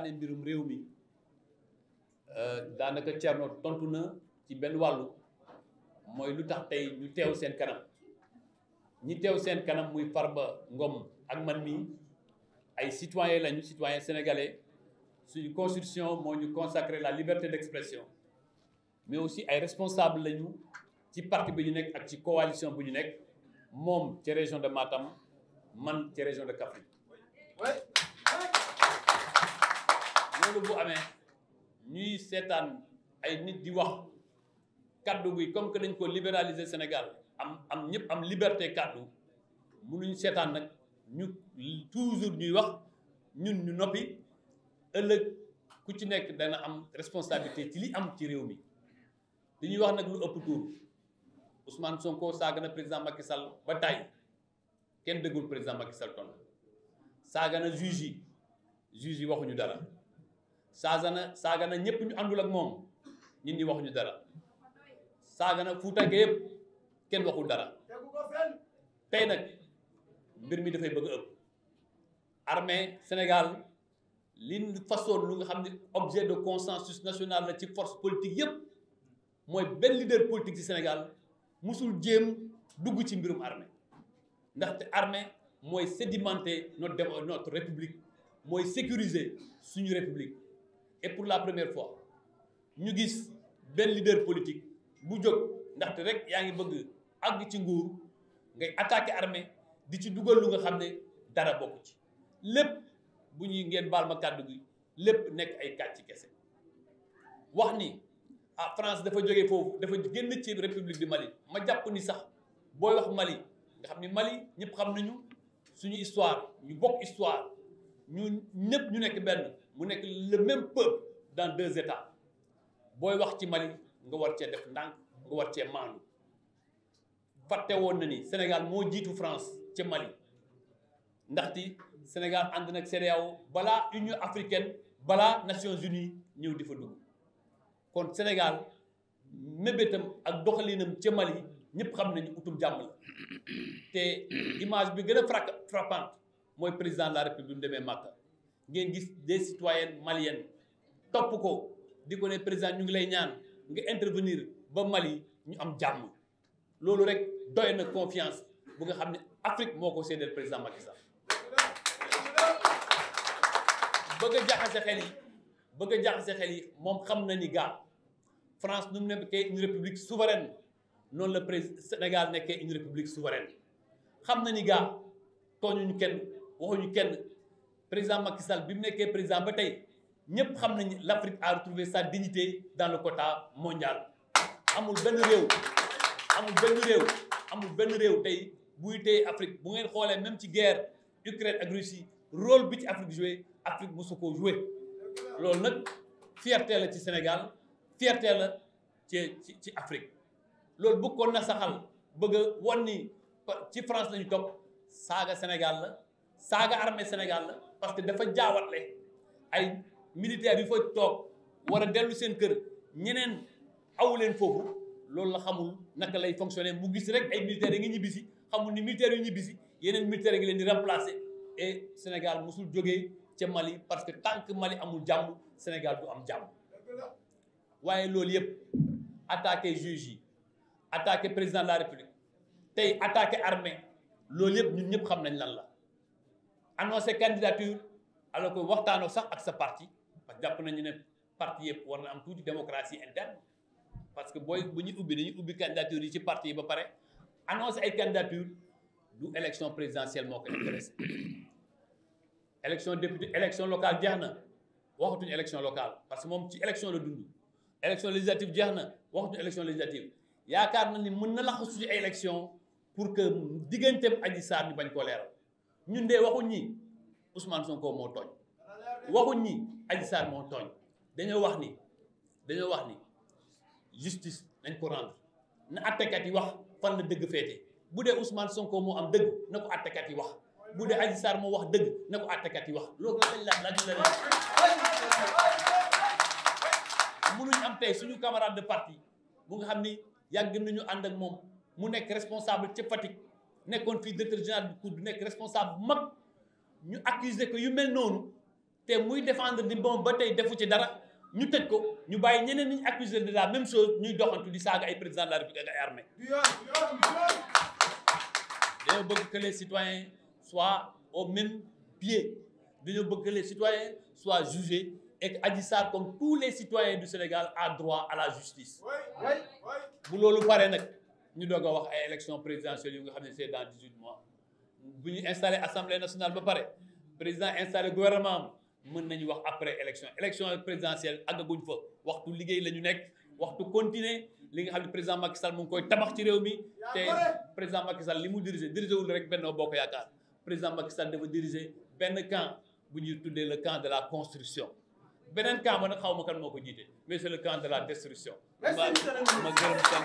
waxtaanee mbirum réew mi euh, daanaka Thierno tontu na ci benn wàllu mooy lu tax tey ñu teew seen kanam ñi teew seen kanam muy ba Ngom ak man mii ay citoyen lañu citoyen sénégalais suñu constitution moo ñu consacré la liberté d'expression mais aussi ay responsable lañu ci parti bi ñu nekk ak ci coalition bu ñu nekk moom ci région de Matam man ci région de Kaffrine loolu bu amee ñuy seetaan ay nit di wax kaddu gi comme que dañ ko libéraliser Sénégal am am ñëpp am liberté kaddu mënuñ seetaan nag ñu toujours ñuy wax ñun ñu noppi ëllëg ku ci nekk dana am responsabilité ci li am ci réew mi li ñuy wax nag lu ëpp tuur Ousmane Sonko saaga na président Macky Sall ba tàyyi kenn déggul président Macky Sall ton saaga na juge yi juge yi waxuñu dara saaga na saaga na ñëpp ñu àndul ak moom ñu ñun wax ñu dara saaga na Fuuta gi yëpp kenn waxul dara tey nag mbir mi dafay bëgg a ëpp armée Sénégal li façon lu nga xam ne objet de consensus national la ci force politique yëpp mooy benn leader politique ci Sénégal mosul jéem dugg ci mbirum armée ndaxte armée mooy sédimenter notre notre république mooy sécuriser suñu république et pour la première fois ñu gis benn leader politique bu jóg ndaxte rek yaa ngi bëgg àgg ci nguur ngay attaquer armée di ci dugal lu nga xam ne dara bokk ci lépp bu ñuy ngeen baal ma kàddu gi lépp nekk ay kàcc kese wax ni ah France dafa jóge foofu dafa génn ci république du Mali ma jàpp ni sax booy wax Mali nga xam ni Mali ñëpp xam nañu suñu histoire ñu bokk histoire ñu ñëpp ñu nekk benn mu nekk le même peuple dans deux états booy wax ci Mali nga war cee def ndànk nga war cee maandu fàtte woon na ni Sénégal moo jiitu France ca Mali ndaxti Sénégal ànd nag CEDEAO balaa Union africaine balaa Nations Unies ñëw di fa dugg kon Sénégal mébétam ak doxaliinam ca Mali ñëpp xam nañu utum jàmm la te image bi gën a frappante mooy président la République bu demee Màkka ngeen gis des citoyennes maliennes topp ko di ko ne président ñu ngi lay ñaan nga intervenir ba Mali ñu am jàmm loolu rek doy na confiance bu nga xam ne Afrique moo ko séddale président Macky Sall bëgg a jaxase xel yi bëgg a jaxase xel yi moom xam na ni gaa France nu mu nekkee une république souveraine noonu la président Sénégal nekkee une république souveraine xam na ni gaa tooñuñu kenn waxuñu kenn. président Macky Sall bi mu nekkee président ba tey ñëpp xam nañu l' Afrique a retrouvé sa dignité dans le quota mondial. amul benn réew amul benn réew amul benn réew tey buy tey Afrique bu ngeen xoolee même ci guerre Ukraine ak Russie role bi ci Afrique joué Afrique mosu koo joué loolu nag fierté ci Sénégal fierté ci ci Afrique loolu bëggoon na saxal bëgg a ni ci France la ñu topp saaga Sénégal la saaga armée Sénégal la. parce que dafa jaawatle ay militaires yu fa toog war dellu seen kër ñeneen aw leen foofu loolu la xamul naka lay fonctionner mu gis rek ay militaires yi nga ñibbisi xamul ni militaires yu ñibbisi yeneen militaires yi ngi leen di remplacer et Sénégal mosul jógee ca Mali parce que tant Mali amul jàmm Sénégal du am jàmm waaye loolu yëpp attaqué juge yi attaqué président de la république tey attaque armée loolu yëpp ñun ñëpp xam nañ lan la annoncé candidature alors que waxtaanoo sax ak sa parti parce que jàpp nañu ne parti yëpp war na am tuuti démocratie interne parce que booy bu ñu ubbi dañuy ubbi candidature yi ci parti yi ba pare annoncé ay candidature du élection présidentielle moo ko intéressé élection député élection locale jeex na waxatuñu élection locale parce que moom ci élection la dund élection législative jeex na waxatuñu élection législative yaakaar na ni mën na laxasu ci ay pour que digganteem Adji Sarr ñu bañ koo leeral Ousmane Sonko moo tooñ waxuñ ni Adji Sarr moo tooñ dañoo wax ni dañoo wax ni justice nañ ko rendre na attekat yi wax fan la dëgg féete bu dee Ousmane Sonko moo am dëgg na ko attekat yi wax bu dee Adji Sarr moo wax dëgg na ko yi wax loolu lañ laaj laaj la mënuñ am tey suñu camarade de parti bu nga xam ni yàgg nañu ànd ak moom mu nekk responsable ci Fatick nekkoon fii directeur général bu COUD nekk responsable mag ñu accuser ko yu mel noonu te muy défendre di bon ba tey defu ci dara ñu tëj ko ñu bàyyi ñeneen ñi ñu accuser de la même chose ñuy doxantu di saaga ay président de la république ak ay dañoo bëgg que les citoyens soient au même pied dañoo bëgg que les citoyens soient jugés et Adji Sarr comme tous les citoyens du Sénégal a droit à la justice bu loolu paree nag ñu doog a wax ay élections présidentielles yu nga xam ne c'est dans dix-huit mois bu ñu installé assemblée nationale ba pare président installé gouvernement am mën nañu wax après élection élection présidentielle àggaguñ fa waxtu liggéey la ñu nekk waxtu continuer li nga xam ne président Macky Sall mu ngi koy tabax ci réew mi te président Macky Sall li mu dirigé dirigé wul rek Benno Bokk Yaakaar président Macky Sall dafa dirigé benn camp bu ñuy tuddee le camp de la construction beneen camp ba nag xaw ma kan moo ko jiite mais le camp la destruction ma ma gërëm seen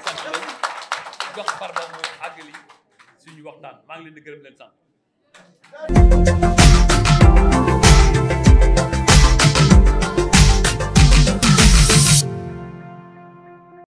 waxtaan maa ngi leen di gërëm leen sant